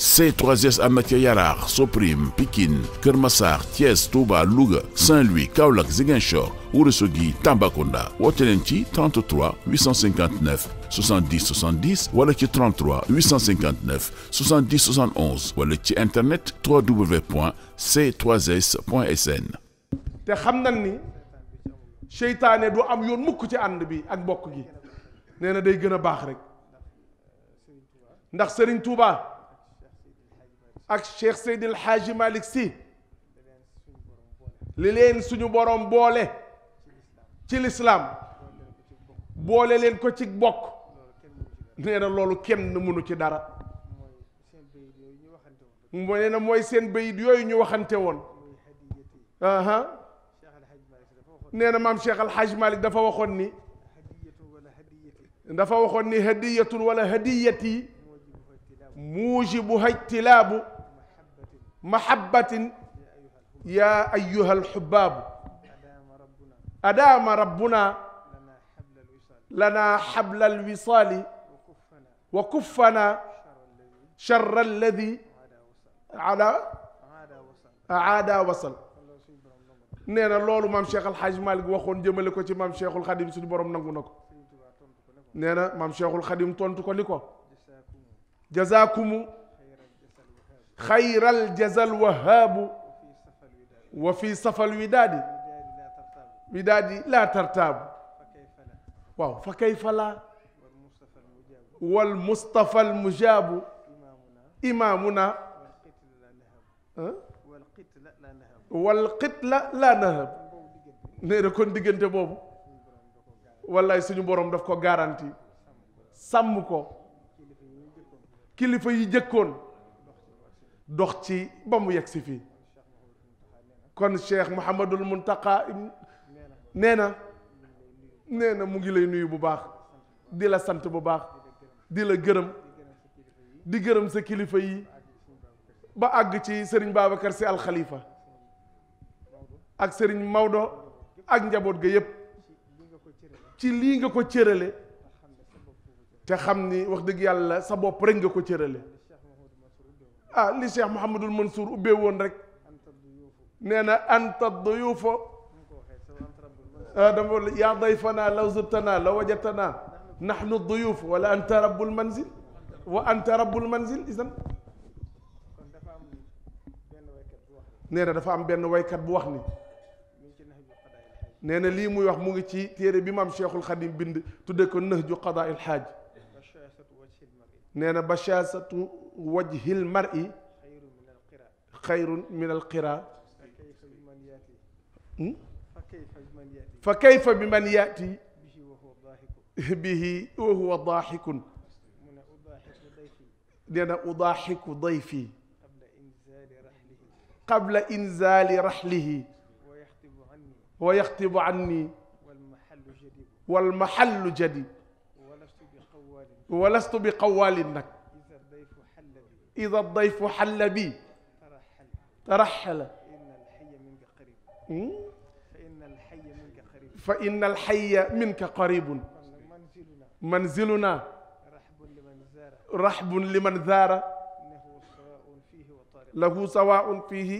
c s am na ca Yaraax Soprim Pikine Kër Massar Thiès Touba Louga Saint-Louis Kaolack Ziguinchor Ourossogui Tambacounda woote leen ci 33 859 70 70 wala ci 33 859 70 71 wala ci internet www.c3s.sn. te xam nañ ni seytaane du am yoon mukk ci ànd bi ak mbokk gi nee na day gën a baax rek ndax Serigne Touba. ak Cheikh Seydil Hadji Malick si li leen suñu borom boole ci lislaam boole leen ko ci bokk nee na loolu kenn mënu ci dara mu nee na mooy seen bayit yooyu ñu waxante woon aha nee na maam Cheikh Alxaaj Malik dafa waxoon ni dafa waxoon ni hadiyatun wala hadiyati muujibu hajtilaabu mahabbatin yaa ayyuha alxubaabu adaama rabbuna lanaa xabla alwisaali wa kuffana charra alladi ala aada wasal nee na loolu maam Cheikh Al Hadj Malick waxoon jëmale ko ci maam Cheikhul Xadim suñu borom nangu na ko nee na maam Cheikhul Xadim tontu ko ni ko jazaakumu xayral jazal wahaabu wa fi safal widaadi widaadi laa tartaabu waaw fa kayfa laa wal mustafa al mujaabu imaamuna wal qitla laa nahab nee na kon diggante boobu wallaay suñu borom daf ko garanti sàmm ko kilifa yi jëkkoon dox ci ba mu yegg si fii kon Cheikh Mouhamadul Muntaqa nee na nee na mu ngi lay nuyu bu baax di la sant bu baax di la gërëm di gërëm sa kilifa yi ba àgg ci Serigne Babacar Sy Al Khalifa ak Serigne Maodo ak njaboot ga yépp ci lii nga ko cërale te xam ni wax dëgg yàlla sa bopp rekk nga ko cërale ah li Cheikh Mouhamadul Mansour ubbee woon rek nee na anta duyuufa ah, dama yaa dayfanaa law zurtanaa la wajatanaa nahnu duyuuf wala anta rabbul manzil wa anta rabbul manzil isan nee na dafa am benn waykat bu wax ni nee na lii muy wax mu ngi ci téere bi maam Cheikhul Khadim bind tudde ko Nahju Qadaa il Haaj nee na bashaasatu wajhi l mar'i xayrun min al qira hmm? fa kayfa bi man yaati bihi wa huwa daahikun nee na udaaxiku dayfi qabla inzaali raxlihi wa yaxtibu anni walmaxallu jadid walastu bi qawaalin nag ida dayfu xalla bi taraxala fa inna alxaya minka qaribun manziluna raxbun liman zaara lahu sawaun fihi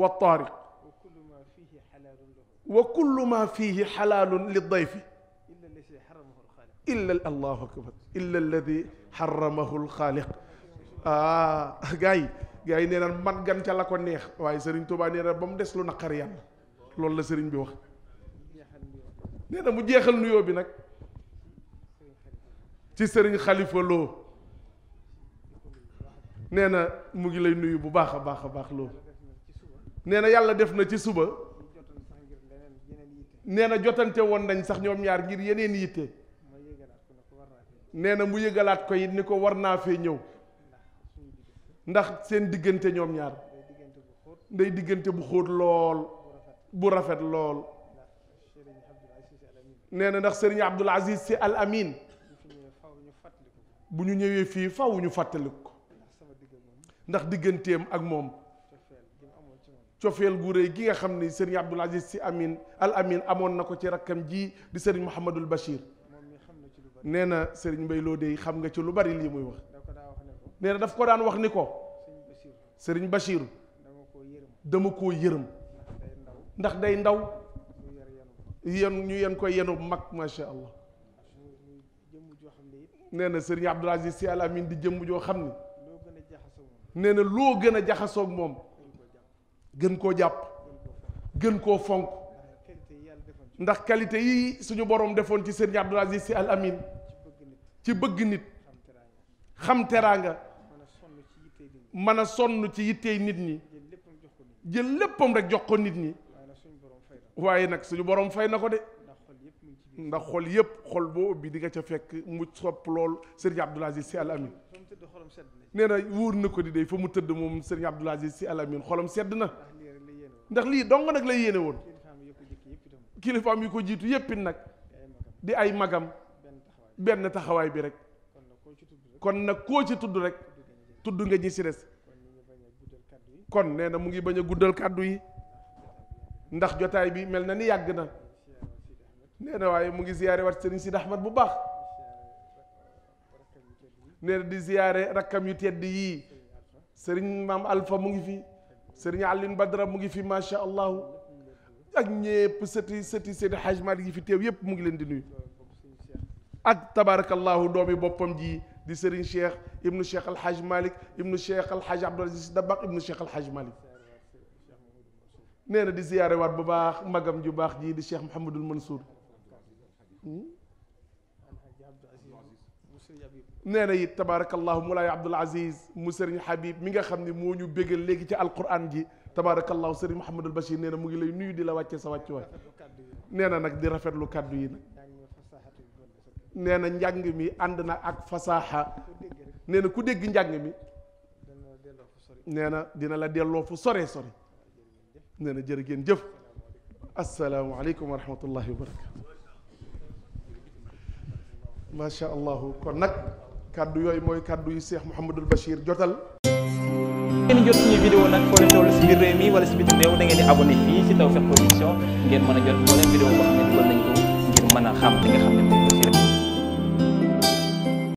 wa taariq wa kullu ma fihi xalaalun lidayfi illa allahu akbar illa alladi xaramahu alxaaliq ah gars yi gars nee na mat gan ca la ko neex waaye sëriñ Touba nee ba mu des lu naqar yàlla loolu la sëriñ bi wax nee na mu jeexal nuyoo bi nag ci sëriñ Khalifa Lo nee na mu ngi lay nuyu bu baax a baax a baax loo nee na yàlla def na ci suba nee na jotante woon nañ sax ñoom ñaar ngir yeneen yitte nee na mu yëgalaat ko it ni ko war naa fee ñëw ndax seen diggante ñoom ñaar nday diggante bu xóot lool bu rafet lool nee na ndax sëriñ Abdul Aziz si Al Amin bu ñu ñëwee fii fawuñu ñu fàttaliku ko ndax digganteem ak moom cofeel gu rëy gi nga xam ni sëriñ Abdul Aziz si amiin Al Amin amoon na ko ci rakkam ji di sëriñ Mouhamadul Bachir nee na sëriñ Mbaye loo dey xam nga ci lu bari lii muy wax. nee daf ko daan wax ni ko sëriñ Bachir dama koo yërëm ndax day ndaw yen ñu yen koy yenu mag macha allah nee na sëriñ Abdoul Aziz Sy Al Amine di jëmm joo xam ni nee na loo gën a jaxasoog moom gën koo jàpp gën koo fonk ndax qualité yi suñu borom defoon ci sëriñ Abdoul Aziz Sy Al Amine ci bëgg nit xam teraanga mën a sonn ci yittey nit ñi jël léppam rek jox ko nit ñi waaye nag suñu borom fay na ko de ndax xol yëpp xol boo ubbi di nga ca fekk mu sopp lool Serigne Abdoul Aziz Sy Al Amine nee na wóor na ko di day mu tëdd moom Serigne Abdoul Aziz Sy Al Amine xolam sedd na ndax lii dong nag lay yéene woon kilifaam yu ko jiitu yéppit nag di ay magam benn taxawaay bi rek kon nag koo ci tudd rek tudd nga ñi si des kon nee na mu ngi bañ a guddal kàddu yi ndax jotaay bi mel na ni yàgg na nee waaye mu ngi ziyaare wat sëriñ Sidi Ahmad bu baax nee di ziyaare rakkam yu tedd yii sëriñ maam Alpha mu ngi fi sëriñ Alioune Badara mu ngi fi macha allah ak ñépp sëti sëti sëti Hajj Maalik yi fi teew yépp mu ngi leen di nuyu ak tabarakallahu doomi boppam ji di Serigne Cheikh ibnu Cheikh Al Hadj Malick ibnu Cheikh Al Hadj Abdoul Aziz Dabakh ibnu Cheikh Al na di ziyaare waat bu baax magam ju baax ji di Cheikh Mouhamadul Mansour hmm? nee na it tabaarakallahu Moulay Abdoul Aziz mu Serigne Habib mi nga xam ni moo ñu bégal léegi ci alquran ji tabaarakallahu Serigne Mouhamadul Bachir nee na mu ngi lay nuyu di la wàccee sa wàccuwaay nee na nag di rafetlu kàddu yi nag. nee na njàng mi ànd na ak fasaaxa nee na ku dégg njàng mi nee na dina la delloo fu sore sore nee na jërë ngeen jëf asalaamualeykum wa rahmatullahi wa barakatu macha kon nag kàddu yooyu mooy kàddu yu Cheikh Mouhamadul Bachir jotal ngeen jot suñu vidéo nag foo leen si biir mi wala si biti réew da ngeen di abonné fii si Tawfekh Production ngeen mën a jot moo leen vidéo boo xam ne dugal nañ ko ngir mën a xam li nga xam ne